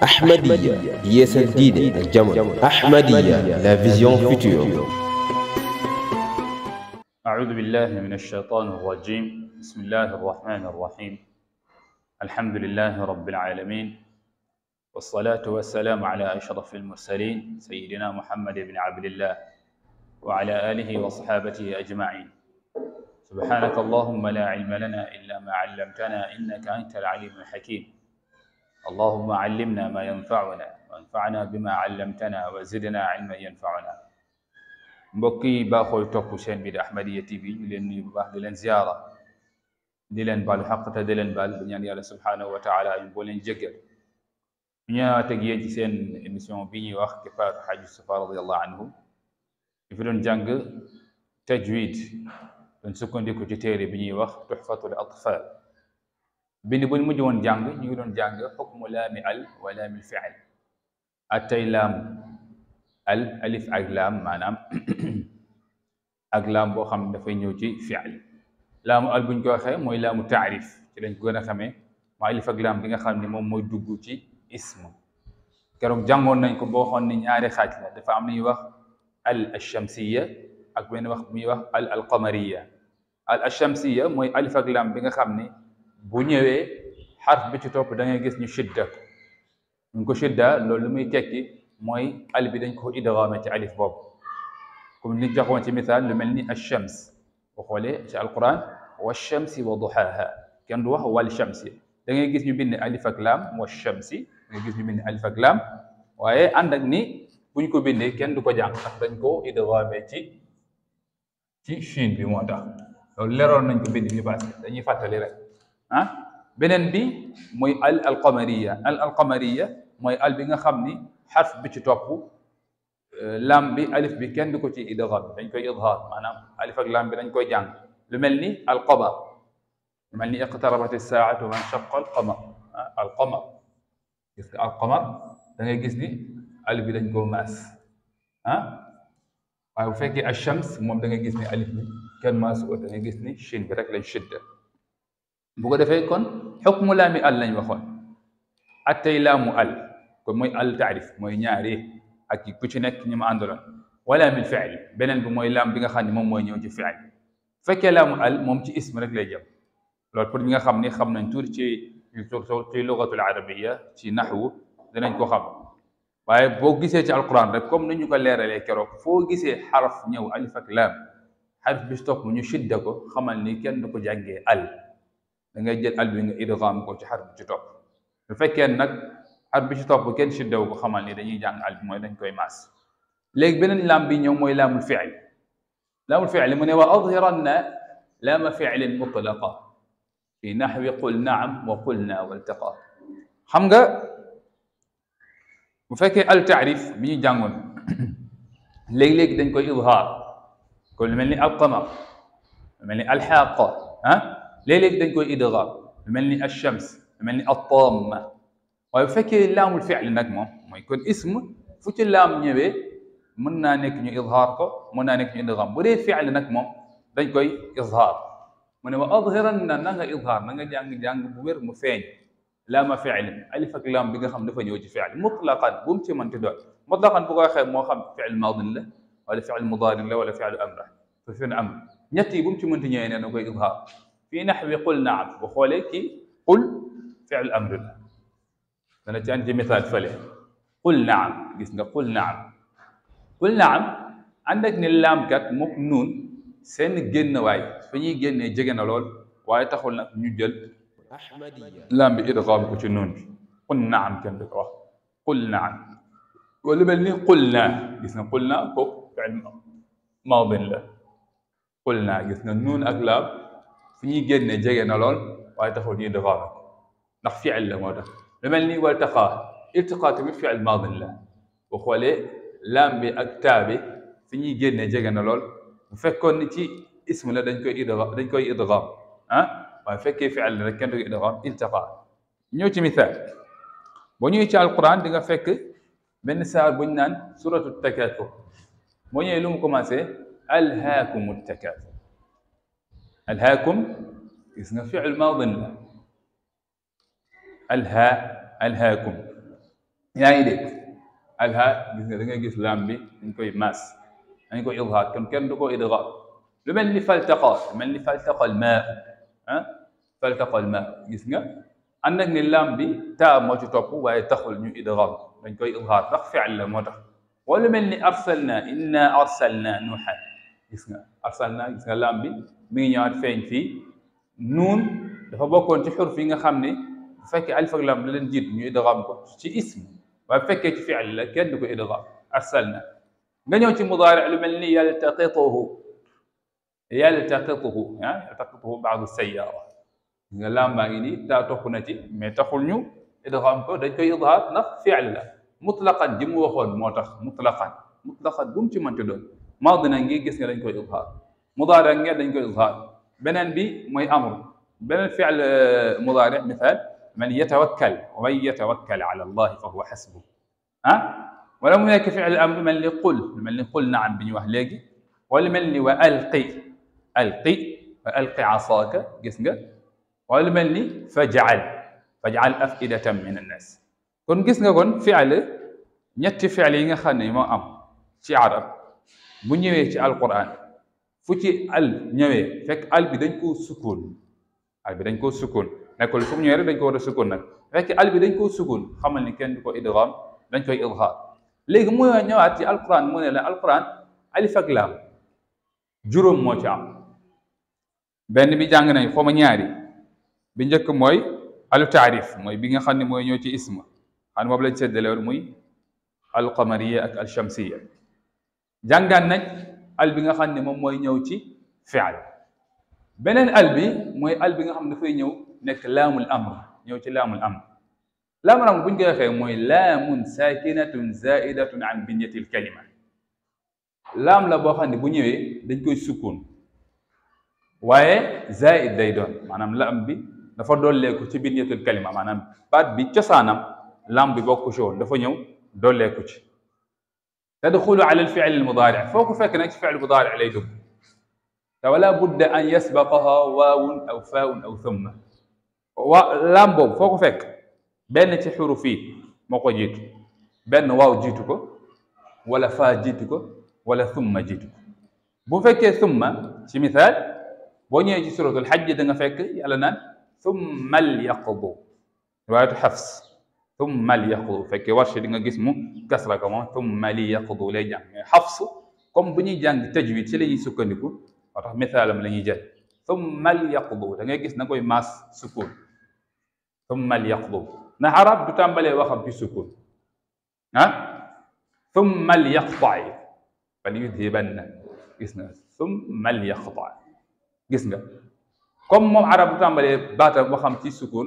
Ahmadiyya, DSLD, Jamal. Ahmadiyya, la vision future. أعوذ بالله من الشيطان الرجيم بسم الله الرحمن الرحيم الحمد لله رب العالمين والصلاة والسلام على أشرف المرسلين سيدنا محمد بن عبد الله وعلى آله وصحابته أجمعين سبحانك اللهم لا علم لنا إلا ما علمتنا إنك أنت العليم الحكيم اللهم علمنا ما ينفعنا وانفعنا بما علمتنا وزدنا علما ينفعنا مبكي باخو توك سين بي احمديه تي في نولين نوي بو باخ ديلن زياره ديلن بال حق تا ديلن بال نيان يالا سبحانه وتعالى يبولين جيغل نياتا جيج سين ايميسيون بي ني واخ كفار حاج سفار رضي الله عنه يفدون جانغ تجويد دون سكون ديكو تي تيري بي ني واخ تحفه الاطفال bind bu ñu mujj woon jàng ñu ngi doon jàng xukmu laami al wa laami fiil attey laamu al alif ak laam maanaam ak laam boo xam dafay ñëw ci fiil laamu al buñ ko waxee mooy laamu taarif ci lañ ko gën a xamee maa alif ak laam bi nga xam ne moom mooy dugg ci ism keroog jàngoon nañ ko boo xoon ni ñaari xaaj la dafa am ñuy wax al alchamsiya ak benn wax bu ñuy wax al alqamariya al alchamsiya mooy alif ak laam bi nga xam ne bu ñëwé xarf bi ci top da ngay gis ñu shidda ñu ko shidda loolu lu muy tekki moy alif bi dañ ko idgaame ci alif bob comme ni joxoon ci misal lu melni ash-shams boo xoolee ci alquran wa shamsi wa duhaha kën du wax wal shamsi da ngay gis ñu bind alif ak lam wa shamsi da ngay gis ñu bind alif ak lam waye ànd ak ni buñ ko bindé kën du ko jàng tax dañ ko idgaame ci ci shin bi moo tax loolu leroon nañ ko bind ñu baas dañuy fatali rek ها بنن بي موي ال القمريه ال القمريه موي ال بيغا خامني حرف بي تي توبو آه، لام بي الف بي كين ديكو تي ادغام دنج كاي اظهار معناها الف اك لام بي دنج كاي جان لو ملني القمر ملني اقتربت الساعه وانشق القمر القمر يس القمر دنجي غيسني الف بي دنج كو ماس ها واي الشمس موم دنجي غيسني الف بي كان ماس و دنجي شين بي شده bu ko defee kon xukmu laami al lañ waxoon attey laamu al kon mooy al taarif mooy ñaari ak ku ci nekk ñi ma àndaloon wala min fiil beneen bi mooy laam bi nga xam ne moom mooy ñëw ci fiil fekkee laamu al moom ci ism rek lay jëm loolu pour ñi nga xam ne xam nañ tuur ci ci lugatul arabiya ci naxwu danañ ko xam waaye boo gisee ci alquran rek comme ni ñu ko leeralee keroog foo gisee xaraf ñëw alif ak laam xaraf bi topp ñu shidda ko xamal ni kenn du ko jàngee al da ngay jël al bi nga idgham ko ci xar bi ci topp bu fekkee nag xar bi ci topp kenn shiddaw ko xamal ni dañuy jàng al bi mooy dañ koy maas léegi beneen laam bi ñëw mooy laamul fiil laamul fiil mu ne wa adhiranna laama fiilin mutlaqa fi naxwi qul naam wa qulna waltaqa xam nga bu fekkee al taarif bi ñu jàngoon léegi-léegi dañ koy idhaar kon lu mel ni al qamar lu mel ni al xaaqa ah ليه ليه بدنا نقول ادغام؟ بملني الشمس بملني الطامه ويفكر اللام الفعل نجمه ما يكون اسم فوت اللام نيبي منا نكني اظهاركو منا نكني ادغام وليه فعل نجمه بدنا كوي اظهار من واظهرن نغا اظهار نجا جانج جانج بوير مفين. لا ما فعل الف كلام بيغا خم دفن يوجي فعل مطلقا بومتي من تدول مطلقا بوغا خير مو خم فعل ماض له ولا فعل مضارع له ولا فعل امر ففين امر نتي بومتي من تنيو نكوي اظهار في نحو قل نعم بخولك قل فعل امر له دنا عندي مثال فله قل نعم قسنا نعم، قل نعم قل نعم عندك نلام كات موك نون سين جن واي فني جن جيغنا لول واي تخول نك ñu jël لام بي ادغام ko ci noon قل نعم كان ديك wax قل نعم ولا ملني قلنا قسنا قلنا نعم، فوق فعل ماضي له قلنا قسنا نعم، نون أغلب fu ñuy génnee jege na lool waaye taxul ñuy devoir ndax fiil la moo tax lu mel ni waltaqaa iltiqaa tamit fiil maadin la bu xoolee laam bi ak taa bi fi ñuy génnee jege na lool bu fekkoon ni ci ism la dañ koy idgaam dañ koy idgaam ah waaye fekkee fiil la rek kenn du ko idgaam iltiqaa ñëw ci misaal boo ñëwee ci alquran di nga fekk benn saar buñ naan suratu takaatur boo ñëwee lu mu commencé alhaakumu takaatur الهاكم اسم فعل ماض له الها الهاكم يعني ليك الها جسنا دنجا جس لامبي نكو يماس نكو إظهار كم كم دكو إدغار لمن اللي فالتقى من اللي فالتقى الماء ها فالتقى الماء جسنا عندك من اللامبي تا ما تطبو ويتخل نيو إدغار نكو إظهار تخفي على ولمن أرسلنا إنا أرسلنا نوحا gis nga arsalna gis nga lam bi mi ngi ñëwaat feeñ fii nuun dafa bokkoon ci xuruf yi nga xam ne bu fekkee alif ak lam da leen jiitu ñu idgaam ko ci ism waaye bu fekkee ci fiil la kenn du ko idgaam arsalna nga ñëw ci mudaari lu mel ni yaltaqituhu yaltaqituhu ah yaltaqituhu baadu sayyaara nga lam baa ngi nii taa topp na ci mais taxul ñu idgaam ko dañ koy idhaar ndax fiil la mutlaqan ji mu waxoon moo tax mutlaqan mutlaqan bu mu ci mënti doon ماضي نانجي جسنا لينكو إظهار مضارع نجي لينكو إظهار بنان بي ما أمر بنان فعل آه، مضارع مثال من يتوكل ومن يتوكل على الله فهو حسبه ها ولم يك فعل الأمر من اللي قل من اللي قل نعم بني وهلاجي ولمن وألقي ألقي فألقي عصاك جسنجا ولمن فجعل فجعل أفئدة من الناس كن جسنجا كن فعل نيت فعل ينخني ما أمر شعرب bu ñëwé ci alquran fu ci al ñëwé fek al bi dañ ko sukkoon al bi dañ ko koo nek nekkul fu ñëwé rek dañ ko wara a nak fek al bi dañ ko sukkoon xamal ni kenn du ko idgham dañ koy idhaar légui mu ñëwaat ci alquran mu ne la alquran alif ak lam juróom mo ci am benn bi jàng nañ xoma ñaari bi njëkk mooy alu taarif mooy bi nga xam ne mooy ñëw ci isma xam moom lañ séddale woon muy alqamariya ak alchamsiya jangan nañ al bi nga xamne mom moy ñëw ci fi'l benen al bi mooy al bi nga xamne ne dafay ñëw nek lamul amr ñëw ci lamul amr lamul amr buñu defé moy lamun sakinatun zaidatun an binyati al kalima lam la bo xamne bu ñewé dañ koy sukun waye zaid day doon manam lam bi dafa ko ci binyati al kalima manam baat bi cosaanam lam bi bokku jo woon dafa ñëw ko ci تدخل على الفعل المضارع فوق فك نكتب فعل مضارع لا فلا بد ان يسبقها واو او فاء او ثم لامبو فوق فك بين تي حروفي مكو جيت بين واو جيتكو ولا فاء جيتكو ولا ثم جيتكو بو فكي ثم شي مثال بو سوره الحج دا فك يالا نان ثم ليقضوا روايه حفص ثم ليقضوا فكي ورشة دينا قسمو كسرة كمان ثم ليقضوا لجان حفص كم بني جان تجويد سلي سكنكو وطح مثال من لنجي ثم ليقضوا دينا قس نقوي ماس سكون ثم ليقضوا نحراب بتان بلي وخب بي سكون ها ثم ليقطع فليذهبن قسنا ثم ليقطع قسنا كم مو عرب بتان بلي بات وخم تي سكون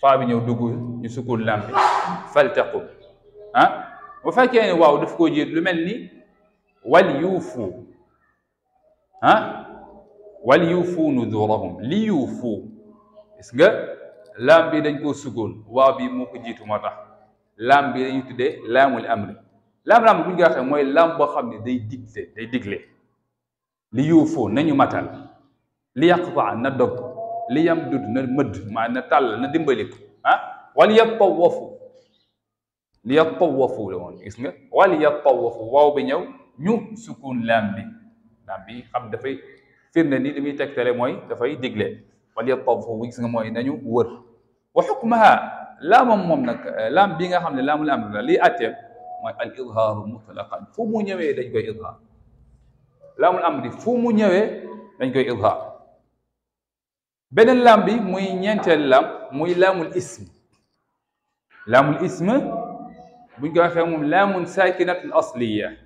faa bi ñëw dugg ñu sukkoon lam bi faltaqum ah bu fekkee ne waaw daf koo jiit lu mel ni wal yuufu ah wal yuufu nudurahum li yuufu gis nga laam bi dañ koo sukkoon waaw bi moo ko jiitu moo tax laam bi dañu tuddee laamul amri laam laam bu ñu ko waxee mooy laam boo xam ne day digte day digle li yuufu nañu matal li yaqta na dog li yam dud na mëdd ma na tàll na dimbaliku ah wal yatawafu li yatawafu la woon gis nga wal yatawafu waaw bi ñëw ñu sukun laam bi laam bi xam dafay firnde ni li muy tegtale mooy dafay digle wal yatawafu gis nga mooy nañu wër wa xukmaha laamam moom nag laam bi nga xam ne laamul amr la lii atteem mooy al idhaaru mutlaqan fu mu ñëwee dañ koy idhaar laamul amri fu mu ñëwee dañ koy idhaar beneen lam bi muy ñeenteel lam muy laamul ism laamul ism buñ ko waxee moom laamun saakinat al asliya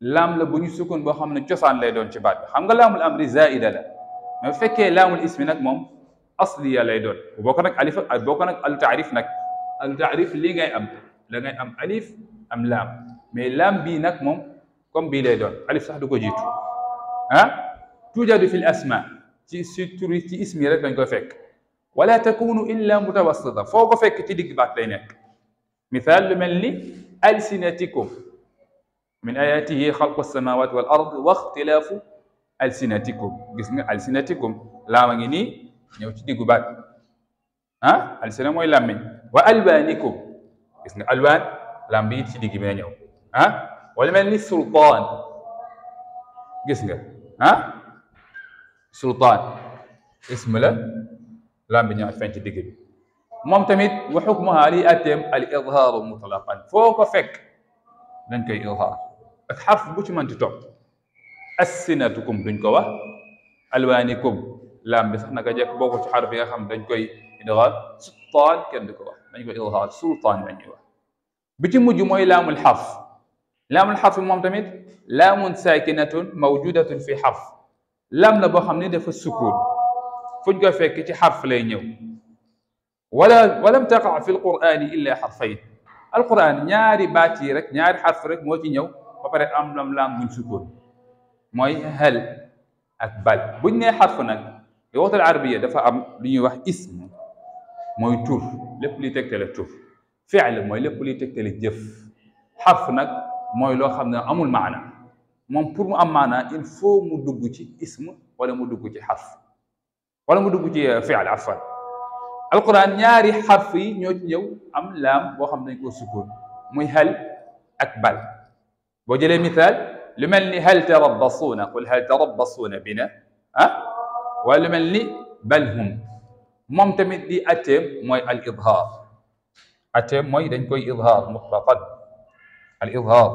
laam la bu ñu sukkoon boo xam ne cosaan lay doon ci baat bi xam nga laamul amri zaida la mais bu fekkee laamul ismi nag moom asliya lay doon boo ko nag alif boo ko nag al taarif nag al taarif lii ngay am da ngay am alif am laam mais laam bii nag moom comme bii lay doon alif sax du ko jiitu ah tuujadu fi l asma اسمي رك لنكو ولا تكون الا متوسطه فوق فك تي ديغ بات لاي نيك مثال ملي السناتكم من اياته خلق السماوات والارض واختلاف السناتكم جسم السناتكم لا ماغي ني نيو تي ديغ بات ها السنا موي لامي والوانكم غيسنا الوان لامبي تي ديغ ها ولا لي سلطان جسم ها سلطان اسم له لامن يعرفين تدقي مام تميت وحكمها لي أتم الإظهار مطلقا فوق فك لنك إظهار الحرف بوش من تتوب السنة تكم بنكوا ألوانكم لام بس احنا كجاك بوكو تحرف يا خم بنكوي إظهار سلطان كندكوا بنكوي إظهار سلطان بنكوا بتي مجموعي لام الحرف لام الحرف مام لام ساكنة موجودة في حرف لم لا بو دفا سكون فوج كو فك تي حرف لا ولا ولم تقع في القران الا حرفين القران نياري باتي رك نياري حرف رك مو تي نيو با بري ام لام لام بو سكون موي هل اك بال بو ني حرف نك لغه العربيه دفا ام لي ني واخ اسم موي تور لب لي تكتل تور فعل موي لب لي تكتل جف حرف نك موي لو خامنا امول معنى mom pour mu am maanaa il faut mu dugg ci ism wala mu dugg ci harf wala mu dugg ci fi'l afan alquran ñaari harf yi ñoo ci ñëw am lam bo xam dañ ko sukkoon muy hal ak bal bo jele misal lu melni hal tarabbasuna qul hal tarabbasuna bina ha wala lu mel bal hum mom tamit di atté moy al idhar atté moy dañ koy idhar mutlaqan al idhar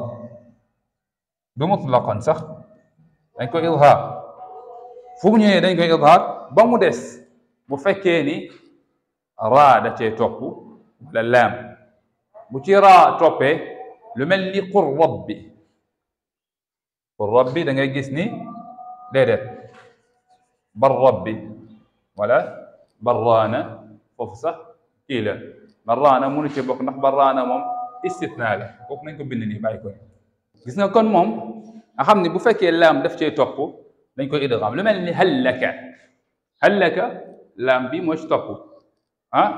بمطلقا صح دنجكو اظهار فوق نيي دنجكو اظهار بامو ديس بو فكيني را دا تي توپ ولا لام بو تي را توپي لو ملي قر ربي قر ربي دنجا جيسني ديدت بر ربي ولا برانا فصح كيلا برانا مونيتي بوك نخ برانا مم استثناء لك بوك نينكو بنني بايكو gis nga kon mom nga xam bu fekke lam daf cee top dañ koy idgham lu melni halaka halaka lam bi moo ci topp ah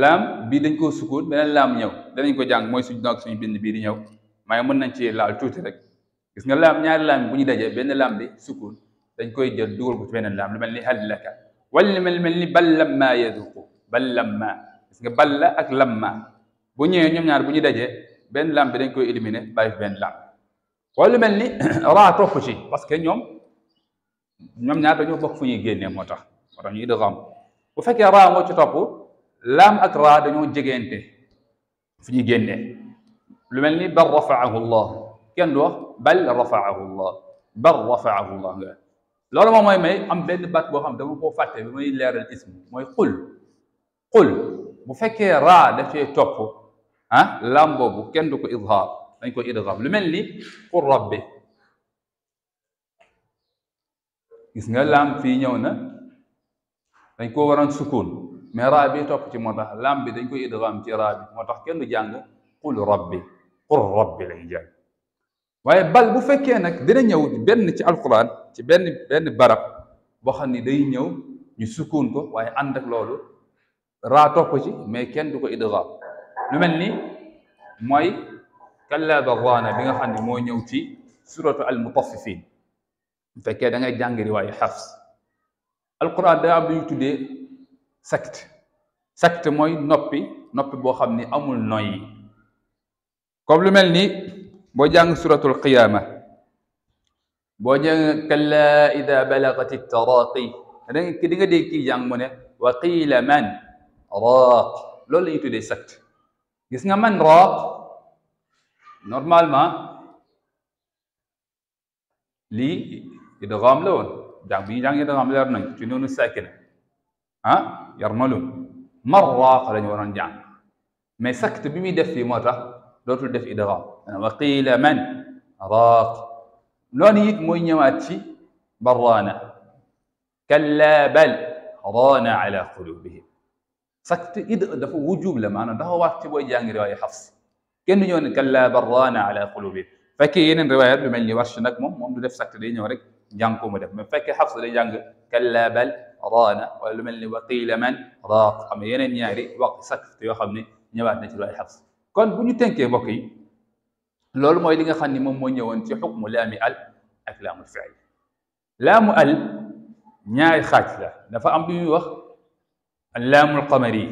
laam bi dañ ko sukkoon benen lam ñëw dañ ko jàng moy suñu dog suñu bind bi di ñëw maaye mën nañ ci laal tuti rek gis nga lam ñaari lam bu ñu dajee benn lam bi sukkoon dañ koy jël dugal ko ci beneen laam lu melni halaka wal wala lu mel ni bal lamma yaduqu bal ma gis nga bal ak lam ma bu ñew ñom ñaar bu ñu dajee ben lam bi dañ koy éliminer bàyyi fi benn lam wala lu mel ni raa topp ci parce que ñoom ñoom ñaar dañoo bokk fu ñuy génnee moo tax moo tax ñu idgham bu fekkee raa moo ci topp laam ak raa dañoo jegeente fu ñuy génnee lu mel ni bal rafaahu llah kenn du wax bal rafaahu llah bal rafaahu llah nga loolu moom may am benn baat boo xam dama koo fàtte bi muy leeral ism mooy xul xul bu fekkee raa dafee topp ah laam boobu kenn du ko idhaar dañ ko idgham lu mel ni qul rabbi gis nga laam fii ñëw na dañ ko waroon sukun mais raa bi topp ci moo tax làmb bi dañ ko idgham ci raa bi moo tax kenn du jàng qul rabbi qul rabbi lañ jàng waaye bal bu fekkee nag dina ñëw benn ci alquran ci benn benn barab boo xam ni day ñëw ñu sukun ko waaye ànd ak loolu raa topp ci mais kenn du ko idgham lu mel ni mooy kallaa barraana bi nga xam ne moo ñëw ci suratu al mutaffifin bu fekkee da ngay jàng riwaayu xafs alquran daa am lu ñu tuddee sakt sakt mooy noppi noppi boo xam ne amul noyyi comme lu mel ni boo jàng suratul qiyaama boo jàng kallaa ida balagati taraqi da nga di nga dégg kii jàng mu ne wa qiila man raaq loolu la ñuy tuddee sakt Gis nga man roc normalement lii idgham la woon jàng bi ñu jàng idgham leer nañ ci noonu sakina ah yarmalun marraaq la ñu waroon jàng mais sakt bi muy def fii moo tax dootul def idgham wa qiila man raaq loolu it mooy ñëwaat ci barraana kalla bal raana ala qulubihim سكت إذا دفع وجوب لما أنا ده واتبوا يجان رواية حفص كن يون كلا برانا على قلوبه فكي ين رواية بمن يورش نك مم مم دف سكت دين يورك جانكم مدف من فك حفص دين جان كلا بل رانا ولمن وقيل من راق أم ين ياري وقت سكت يوحني نبات نجرى حفص كن بني تنك بقي لول ما يدينا خني مم مين يون تحكم لا مئل أكلام الفعل لا مؤل نيا خاتلة نفع أم بيوخ اللام القمري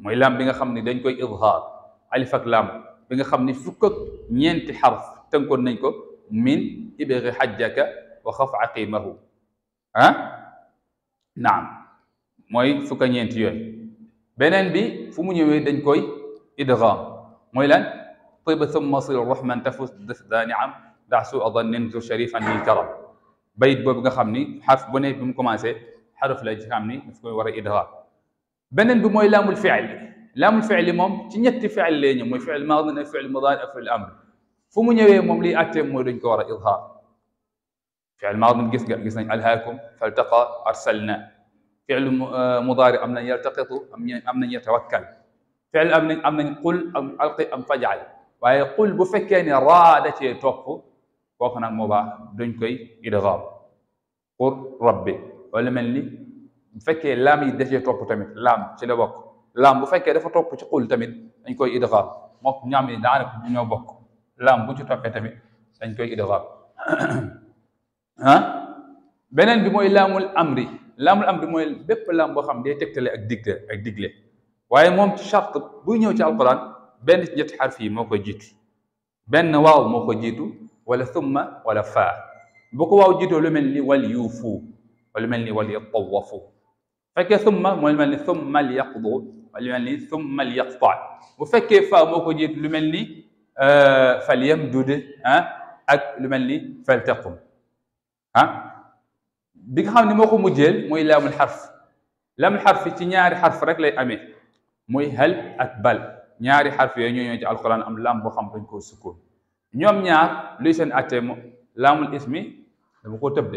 موي لام بيغا خامني دنج كوي اظهار الف اك لام بيغا خامني فوك نينتي حرف تنكون نانكو من ابغ حجك وخف عقيمه ها نعم موي فوك نينتي يوي بنين بي فمو نيوي دنج كوي ادغام موي لان طيب ثم صل الرحمن تفوز ذا نعم دع سوء ظن ذو شريفا للكرم بيت بوب خامني حرف بني بيم كومانسي حرف لا جي خامني نفكو ورا ادغام بنن بموي لام الفعل لام الفعل موم تي نيت فعل لي مو فعل ماضي نا فعل مضارع فعل الامر فمو نيوي موم لي اتي موي دنج كو اظهار فعل ماضي نقيس قيس الهاكم فالتقى ارسلنا فعل آه، مضارع ام يلتقط ام يتوكل فعل ام ام قل ام القي ام فجعل واي قل بو فكاني را داتي توك كوكو نا موبا دنج كوي ادغام قل ربي ولا من bu fekkee laam yi dacee topp tamit laam ci la bokk laam bu fekkee dafa topp ci xul tamit dañ koy idgaam mook ñaam yi daanaka ñu ñoo bokk laam bu ci toppee tamit dañ koy idgaam ah beneen bi mooy laamul amri laamul amri mooy bépp laam boo xam day tegtale ak digle ak digle waaye moom ci chart bu ñëw ci alquran benn ci ñetti xarf yi moo koy jiitu benn waaw moo ko jiitu wala thumma wala faa bu ko waaw jiitoo lu mel ni wal yuufu wala lu mel ni wal yatawafu فك ثم ململي ثم ليقضوا ململي ثم ليقطع وفك فموكو جيت لملي آه، فليمدد ها اك لملي فلتقم ها ديغا خامني موكو مودجيل موي لام الحرف لام الحرف تي نياري حرف رك لاي امي موي هل اك بل نياري حرف يي نيو نيو تي القران ام لام بو خام دنجكو سكون نيوم نياار لي سن اتي لام الاسم دا بوكو تبد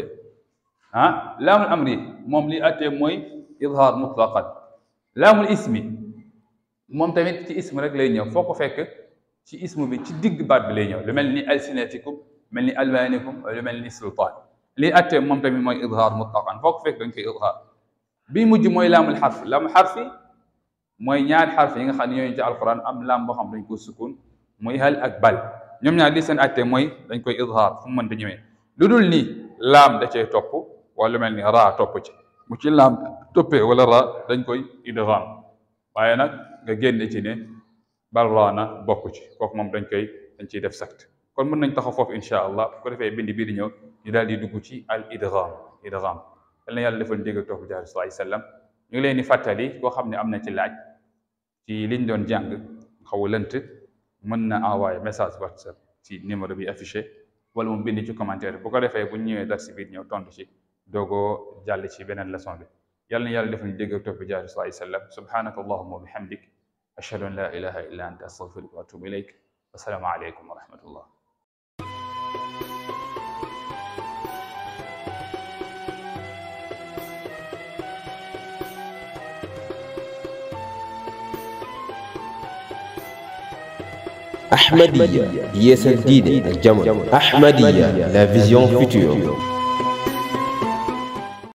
ها لام الامر موم لي اتي موي إظهار مطلقا لام الاسم موم تاميت تي اسم رك لا نيو فوكو فك تي اسم بي تي ديغ بات بي لا نيو لو ملني السيناتيكوم ملني الوانكم لو ملني سلطان لي اتي موم تامي موي اظهار مطلقا فوكو فك دنج اظهار بي موج موي لام الحرف لام حرف موي نيار حرف ييغا خاني يوني تي القران ام لام بو خام دنج كو سكون موي هل اك بال نيوم نيار لي سن اتي موي دنج كو اظهار فوم مون دي لودول ني لام دا تي توپ ولا ملني را توپ تي bu ci laam toppee wala ra dañ koy idgham waaye nag nga génne ci ne bal raana bokku ci kooku moom dañ koy dañ ciy def sakt kon mën nañ taxaw foofu incha allah bu ko defee bind ñëw ñu daal di dugg ci al idgham idgham yal na yàlla defal dégg toog jaar sallallahu alayhi wasallam ñu ngi leen di fàttali koo xam ne am na ci laaj ci liñ doon jàng xaw lënt mën na envoyé message whatsapp ci numéro bi affiché wala mu bind ci commentaire bu ko defee bu ñëwee darsi bi di ñëw tontu ci doogoo jàll ci beneen leçon bi yàlla na yàlla def ñu dégg ak topp jaar sallallahu alayhi wa sallam subhanaka allahumma wa bihamdik ashhadu an la ilaha illa anta astaghfiruka wa atubu ilayk assalaamu aleykum wa rahmatullah Ahmadiyya, Yes Indeed, Jamal. Ahmadiyya, la vision future.